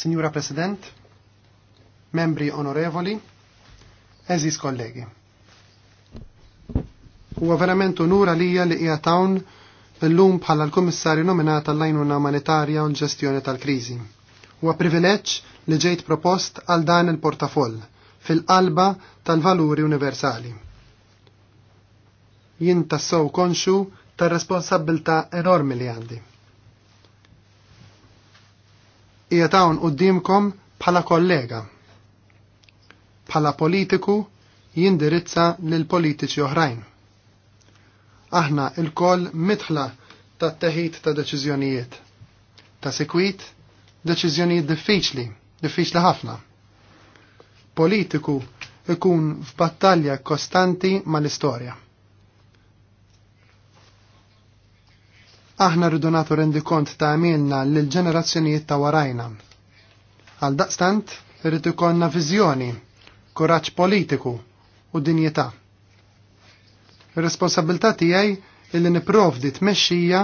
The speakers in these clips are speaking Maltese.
Signora President, membri onorevoli, eżis kollegi. Huwa verament unura lija li hija tawn illum bħala l-Kummissarju nominata l-lajnuna umanitarja u l-ġestjoni tal-kriżi. Huwa privileġġ li ġejt propost għal dan il-portafoll fil-qalba tal-valuri universali. Jien tassew konxu tar-responsabbilta enormi li għandi qiegħed hawn qudiemkom bħala kollega. Bħala politiku jindirizza lil politiċi oħrajn. Aħna il-koll mitħla ta' teħid ta' deċiżjonijiet. Ta' sekwit, deċiżjonijiet diffiċli, diffiċli ħafna. Politiku ikun f'battalja kostanti mal-istorja. Aħna rridu nagħtu rendikont ta' għamilna lill ġenerazzjonijiet ta' warajna. Għal daqstant, rrid ikollna viżjoni, kuraġġ politiku u dinjità. ir responsabbilta tiegħi illi niprovdi tmexxija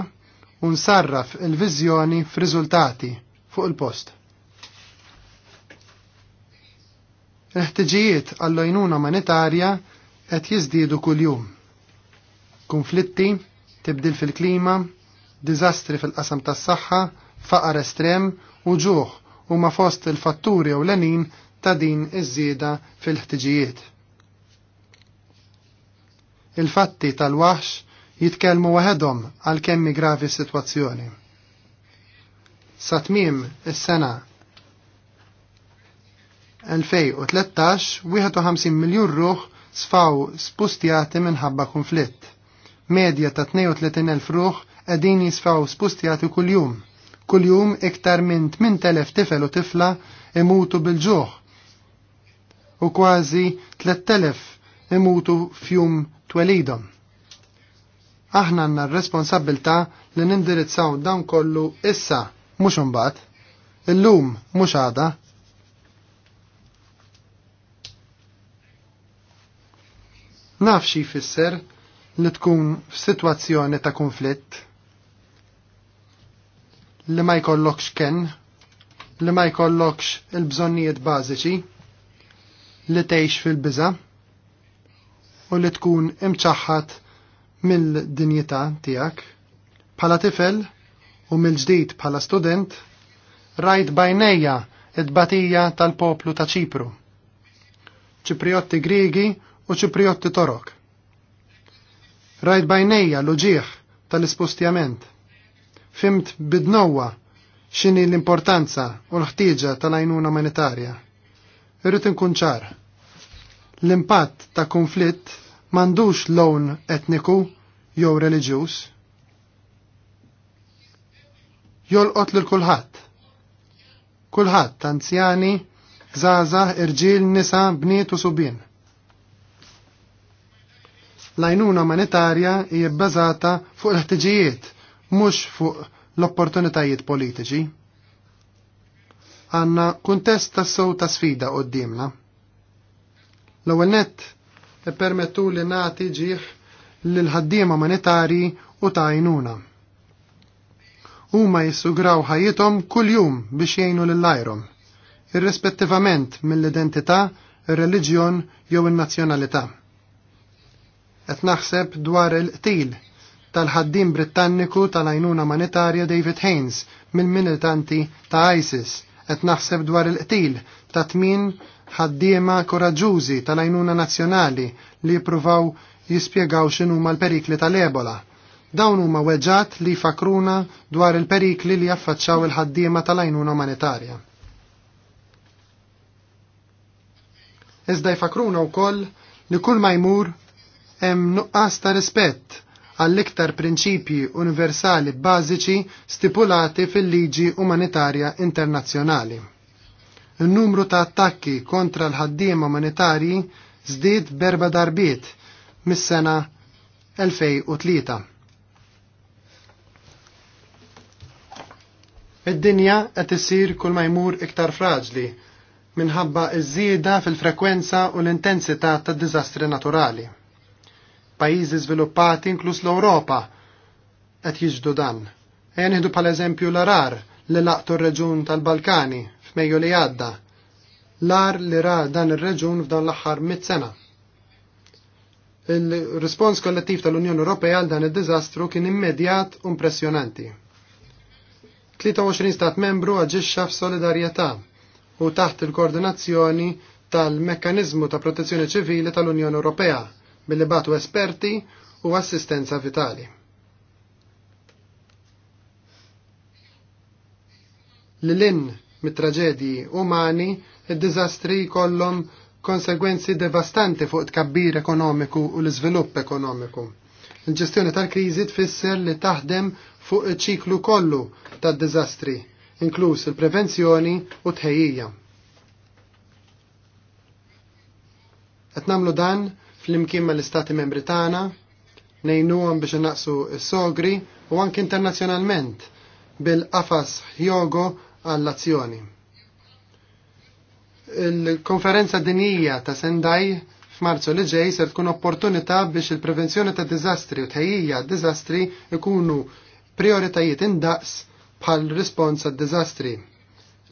u nsarraf il-viżjoni f'riżultati fuq il-post. Il-ħtiġijiet għall-għajnuna monetarja qed jiżdiedu kuljum. Konflitti, tibdil fil-klima, dizastri fil-qasam tas saħħa faqar estrem u ġuħ huma fost il-fatturi u l-enin ta' din iż-żieda fil-ħtiġijiet. Il-fatti tal-waħx jitkellmu waħedhom għal kemmi gravi s-sitwazzjoni. Sa tmiem is-sena 2013 51 miljon ruħ sfaw spustjati minħabba konflitt. Medja ta' 32.000 ruħ qegħdin jisfaw spustjati kuljum. Kuljum iktar minn 8000 tifel u tifla imutu bil-ġuħ u kważi 3000 imutu fjum twelidhom. Aħna għandna r-responsabilta li nindirizzaw dan kollu issa mhux imbagħad, illum mhux għada, naf xi jfisser li tkun f'sitwazzjoni ta' konflitt li ma jkollokx ken, li ma jkollokx il-bżonnijiet bażiċi, li tgħix fil-biża u li tkun imċaħħat mill-dinjità tiegħek. Bħala tifel u mill-ġdid bħala student, rajt bajnejja id-batija tal-poplu ta' Ċipru. Ċipriotti Griegi u Ċipriotti Torok. Rajt bajnejja l-uġieħ tal-ispostjament fimt bidnowa xini l-importanza u l-ħtieġa tal ajnuna umanitarja. Irrid inkun ċar. L-impatt ta' konflitt mandux lawn etniku jew reliġjuż. Jolqot lil kulħadd. Kulħadd anzjani, żgħażagħ, irġiel, nisa, bniet u subien. l ajnuna umanitarja hija bbażata fuq l-ħtiġijiet mhux fuq l-opportunitajiet politiċi. Għanna kuntest ta' sow ta' sfida d-dimna. L-ewwel nett ippermettu li nagħti ġieħ l ħaddiem monetari u ta' għajnuna. Huma jissugraw ħajjithom kuljum biex jgħinu l-lajrom, irrispettivament mill-identità, ir-reliġjon jew in-nazzjonalità. Qed naħseb dwar il-qtil tal-ħaddim Britanniku tal-għajnuna manitarja David Haynes mill-militanti ta' ISIS qed naħseb dwar il-qtil ta' tmin ħaddiema korraġużi tal-għajnuna nazzjonali li jippruvaw jispjegaw x'inhuma l-perikli tal-Ebola. Dawn huma weġġat li fakruna dwar il-perikli li jaffaċċaw il-ħaddiema tal-għajnuna manitarja. Iżda jfakruna wkoll li kull ma jmur hemm nuqqas ta' rispett għall-iktar prinċipji universali bażiċi stipulati fil-liġi umanitarja internazzjonali. Il-numru ta' attakki kontra l-ħaddiem umanitarji żdied berba darbiet mis-sena 2003. Id-dinja qed issir kull ma jmur iktar fraġli minħabba iż-żieda fil-frekwenza u l-intensità tad-diżastri naturali. Pajjiżi żviluppati inklus l-Ewropa qed jiġdu dan. Ejja nieħdu pal-eżempju l-arar li laqtu r-reġun tal-Balkani f'Mejju li għadda. L-ar li ra dan ir-reġun f'dan l-aħħar mit-sena. Il-rispons kollettiv tal-Unjoni Ewropea għal dan id-diżastru kien immedjat u impressjonanti. 23 stat membru aġixxa f'solidarjetà u taħt il-koordinazzjoni tal-Mekkanizmu ta' Protezzjoni Ċivili tal-Unjoni Ewropea billi batu esperti u assistenza vitali. Lilin mit-traġedji umani, id-dizastri kollom konsegwenzi devastanti fuq tkabbir ekonomiku u l-iżvilupp ekonomiku. Il-ġestjoni tal-kriżi tfisser li taħdem fuq ċiklu kollu tad-diżastri, inkluż il-prevenzjoni u tħejjija. Qed nagħmlu dan fl-imkien l istati Membri tagħna nejnuhom biex naqsu s-sogri u anke internazzjonalment bil-qafas jogo għall-azzjoni. Il-konferenza dinjija ta' Sendai f'Marzu li ġej se tkun opportunità biex il-prevenzjoni ta' diżastri u tħejjija diżastri ikunu prioritajiet indaqs bħal rispons għad diżastri.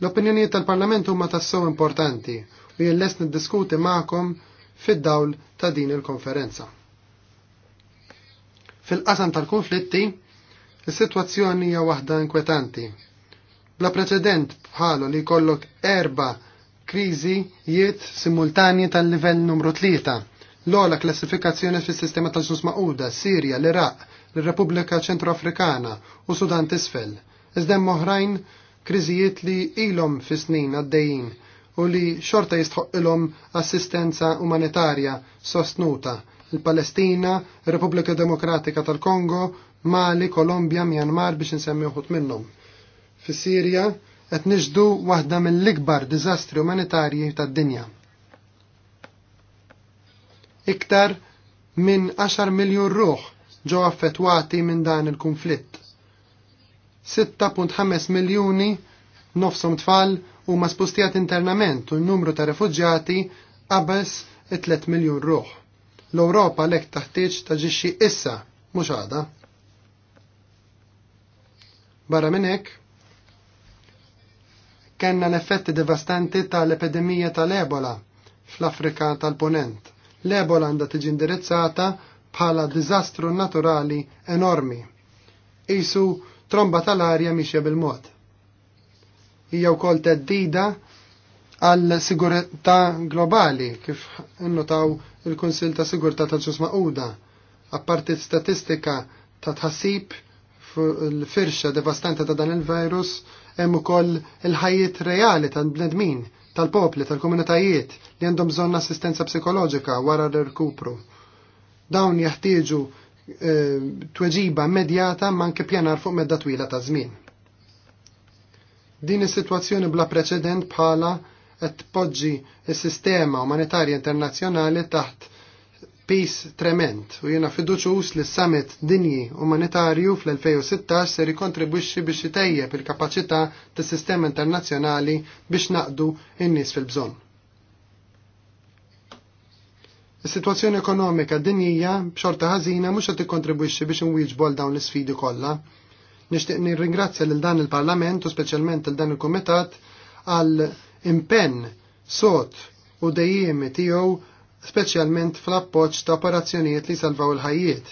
L-opinjonijiet tal-Parlament huma tassew importanti u jien lest niddiskuti magħkom fid-dawl ta' din il-konferenza. Fil-qasam tal-konflitti, is-sitwazzjoni hija waħda inkwetanti. Bla preċedent bħalu li jkollok erba' kriżijiet simultanji tal-livell numru tlieta l-ola klassifikazzjoni fis sistema ta' ġnus maquda, Sirja, l-Iraq, l-Repubblika Ċentroafrikana u Sudan tisfel. Iżdem oħrajn kriżijiet li ilhom fis snin għaddejjin u li xorta jistħoq assistenza umanitarja sostnuta il-Palestina, il-Repubblika Demokratika tal-Kongo, Mali, Kolombja, Myanmar biex nsemmi uħut minnhom. Fis-Sirja qed nixdu waħda mill-ikbar diżastri umanitarji tad-dinja. Iktar minn 10 miljun ruħ ġew affettwati minn dan il-konflitt. 6.5 miljuni nofsom tfal ma spostijat internament u n-numru ta' refuġjati qabes 3 miljun ruħ. L-Ewropa lek taħtieġ ġiċi issa mhux għada. Barra minn hekk, kellna l-effetti devastanti tal-epidemija tal-Ebola fl-Afrika tal-Ponent. L-Ebola għandha tiġi indirizzata bħala diżastru naturali enormi. Isu tromba tal-arja mixja bil-mod hija wkoll teddida għal sigurtà globali kif innotaw il-Kunsil ta' Sigurtà tal-Ġus Maquda. Apparti statistika ta' tħassib l-firxa devastanta ta' dan il-virus hemm ukoll il-ħajjiet reali tal-bnedmin, tal-popli, tal-komunitajiet li għandhom bżonn assistenza psikoloġika wara l-irkupru. Dawn jeħtieġu eh, tweġiba immedjata ma anke pjanar fuq medda twila ta' żmien. Din is-sitwazzjoni bla preċedent bħala qed tpoġġi s-sistema umanitarja internazzjonali taħt peace trement u jiena fiduċus li s-summit dinji umanitarju fl-2016 se jikontribwixxi biex itejjeb il-kapaċità tas-sistema internazzjonali biex naqdu in-nies fil-bżonn. Is-sitwazzjoni ekonomika dinjija b'xorta ħażina mhux qed tikkontribwixxi biex inwieġbu għal dawn l-isfidi kollha Nixtieq nirringrazzja lil dan il-Parlament u speċjalment lil dan il-Kumitat għal impenn sot u dejjem tiegħu speċjalment fl-appoġġ ta' operazzjonijiet li salvaw il-ħajjiet.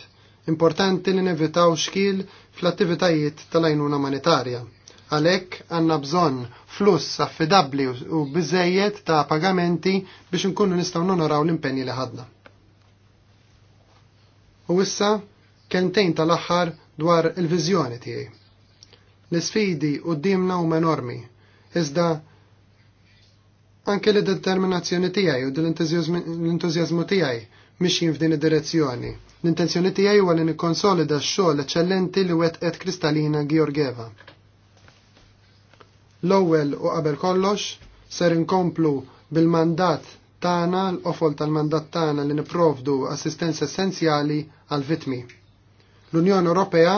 Importanti li nevitaw xkil fl-attivitajiet tal-għajnuna umanitarja. Għalhekk għandna bżonn fluss affidabbli u biżejjed ta' pagamenti biex nkunu nistgħu nonoraw l-impenni li ħadna. U issa Kentejn tal-aħħar dwar il-viżjoni tiegħi. L-isfidi d-dimna huma enormi, iżda anke li determinazzjoni tiegħi u l-entużjażmu tiegħi mixjin f'din id-direzzjoni. L-intenzjoni tiegħi huwa li nikkonsolida x-xogħol eċċellenti li wetqet Kristalina Georgieva. L-ewwel u qabel kollox ser inkomplu bil-mandat tagħna l-qofol tal-mandat tagħna li nipprovdu assistenza essenzjali għal vitmi. L-Unjoni Ewropea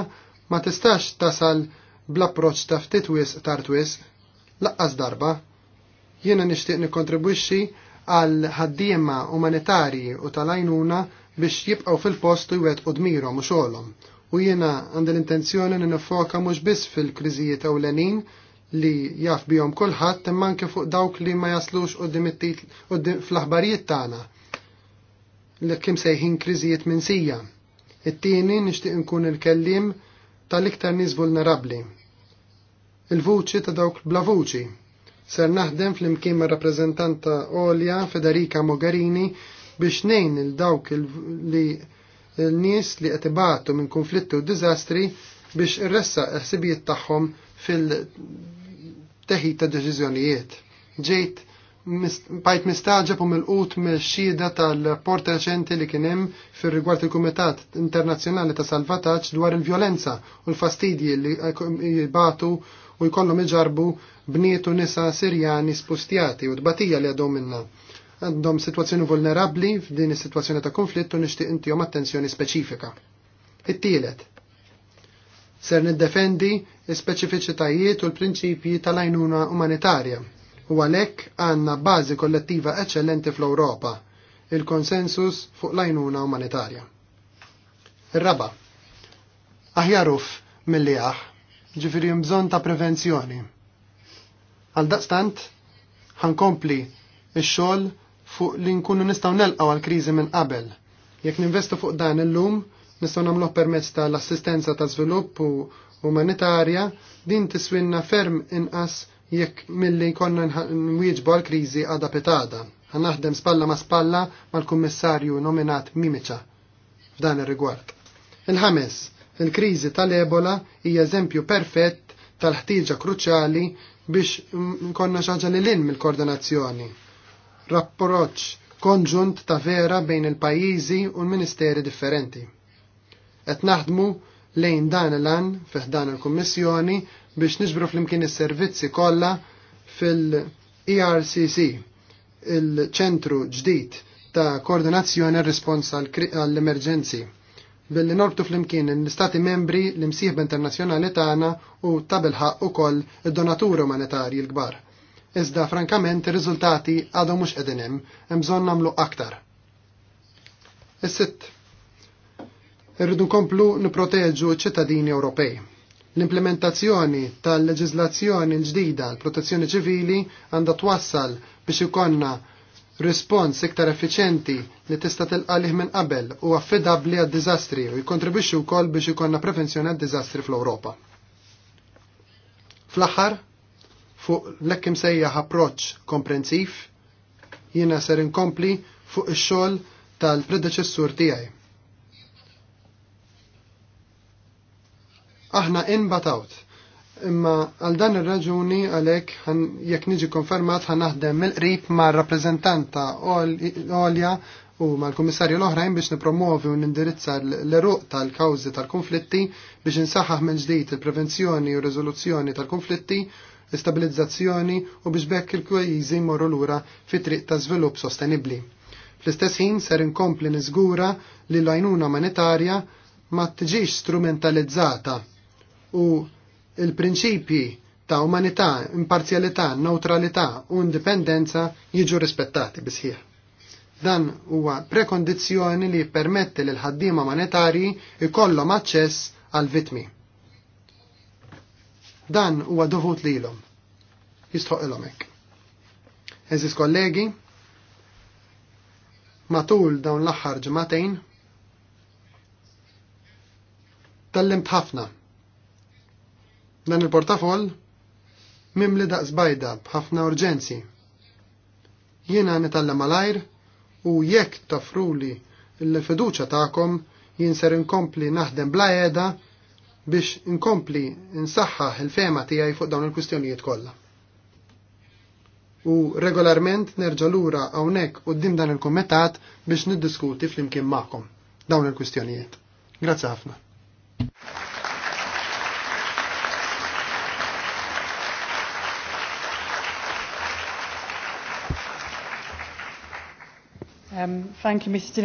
ma tistax tasal bl-approċ ta' ftit wisq tar wisq laqqas darba. Jiena nixtieq nikkontribwixxi għal ħaddiema umanitarji u tal-għajnuna biex jibqgħu fil-post u jwet u dmirhom u xogħolhom. U jiena għandi l-intenzjoni li niffoka mhux biss fil-kriżijiet ewlenin li jaf bihom kulħadd imma anke fuq dawk li ma jaslux qudiem fl-aħbarijiet tagħna li kim sejħin kriżijiet minsija. It-tieni nixtieq nkun il-kellim tal-iktar nies vulnerabbli. Il-vuċi ta' dawk bla vuċi. Ser naħdem fl-imkien ma' rappreżentanta Olja Federica Mogherini biex nejn il-dawk li l-nies li qed ibatu minn konflitti u diżastri biex irressa ħsibijiet tagħhom fil-teħid ta' deċiżjonijiet. Ġejt bajt mistaġab u mill-qut mill-xida tal porta reċenti li kienem fir rigward il-Kumitat Internazzjonali ta' Salvataġġ dwar il-vjolenza u l-fastidji li jibatu u jkollhom iġarbu bnietu nisa Sirjani spustjati u tbatija li għadhom minna. Għandhom situazzjoni vulnerabli f'din is-sitwazzjoni ta' konflitt u nixtieq intihom attenzjoni speċifika. It-tielet. Ser niddefendi s-speċifiċitajiet u l-prinċipji tal-għajnuna umanitarja u għalhekk għandna bażi kollettiva eċċellenti fl-Ewropa, il-konsensus fuq l-għajnuna umanitarja. Ir-raba, aħjaruf mill-li aħ, ġifiri mbżon ta' prevenzjoni. Għal daqstant, ħankompli il-xol fuq li nkunu nistaw nelqaw għal krizi minn qabel. Jekk ninvestu fuq dan il-lum, nistaw namluħ permezz tal-assistenza ta' svilupp u umanitarja, din tiswinna ferm inqas jekk milli jkollna nwieġbu għall-kriżi għada petada. Għannaħdem spalla ma spalla mal-kummissarju nominat Mimiċa f'dan ir-rigward. Il-ħames, il-kriżi tal-Ebola hija eżempju perfett tal-ħtieġa kruċjali biex nkonna xaġa li l-in mill-koordinazzjoni. Rapproċ konġunt ta' vera bejn il-pajjiżi u l-ministeri differenti. Qed naħdmu lejn dan l-an fiħdan il-Kommissjoni biex niġbru fl-imkien is-servizzi kollha fil-ERCC, il-ċentru ġdid ta' koordinazzjoni r-rispons għall-emerġenzi billi norbtu fl-imkien l-istati membri l-imsieħba internazjonali tagħna u tabelħaq ukoll id-donaturi umanitarji l-kbar. Iżda frankament ir-riżultati għadhom mhux qegħdin hemm, hemm bżonn nagħmlu aktar. Is-sitt irridu komplu niproteġu ċittadini Ewropej. L-implementazzjoni tal-leġizlazzjoni l-ġdida l-protezzjoni ċivili għandha twassal biex ikonna rispons iktar effiċenti li tista' tilqalih minn qabel u affidabbli għad-diżastri u jikkontribwixxi wkoll biex ikonna prevenzjoni għad-diżastri fl-Ewropa. Fl-aħħar, fuq l-ekkim sejjaħ approċ komprensiv, jiena ser inkompli fuq ix-xogħol tal-predeċessur tiegħi Aħna inbatawt. Imma għal dan ir-raġuni għalhekk jekk niġi konfermat ħan naħdem mill-qrib ma' rappreżentanta Olja u mal-Kummissarju l-oħrajn biex nipromovi u nindirizza l-eruq tal-kawżi tal-konflitti biex insaħħaħ minn ġdid il-prevenzjoni u riżoluzzjoni tal-konflitti, istabilizzazzjoni u biex bekk il-kwejjiżi jmorru lura fit-triq ta' żvilupp sostenibbli. Fl-istess ħin ser inkompli niżgura li l-għajnuna umanitarja ma tiġix strumentalizzata u il-prinċipji ta' umanità, imparzjalità, neutralità u indipendenza jiġu rispettati bisħieħ. Dan huwa prekondizzjoni li permette l ħaddiema monetari ikollhom aċċess għal vitmi. Dan huwa dovut lilhom. Jistħoq ilhom hekk. Eżis kollegi, matul dawn l-aħħar ġematejn, tallimt ħafna Dan il-portafol mimli daqs bajda b'ħafna urġenzi. Jiena nitallem malajr u jekk tafruli l-fiduċa ta'kom jinser inkompli naħdem bla jeda biex inkompli nsaħħa il-fema tiegħi fuq dawn il-kwistjonijiet kollha. U regolarment nerġa' lura hawnhekk quddiem dan il-kumitat biex niddiskuti flimkien ma'kom dawn il-kwistjonijiet. Grazzi ħafna. Um, thank you, Mr.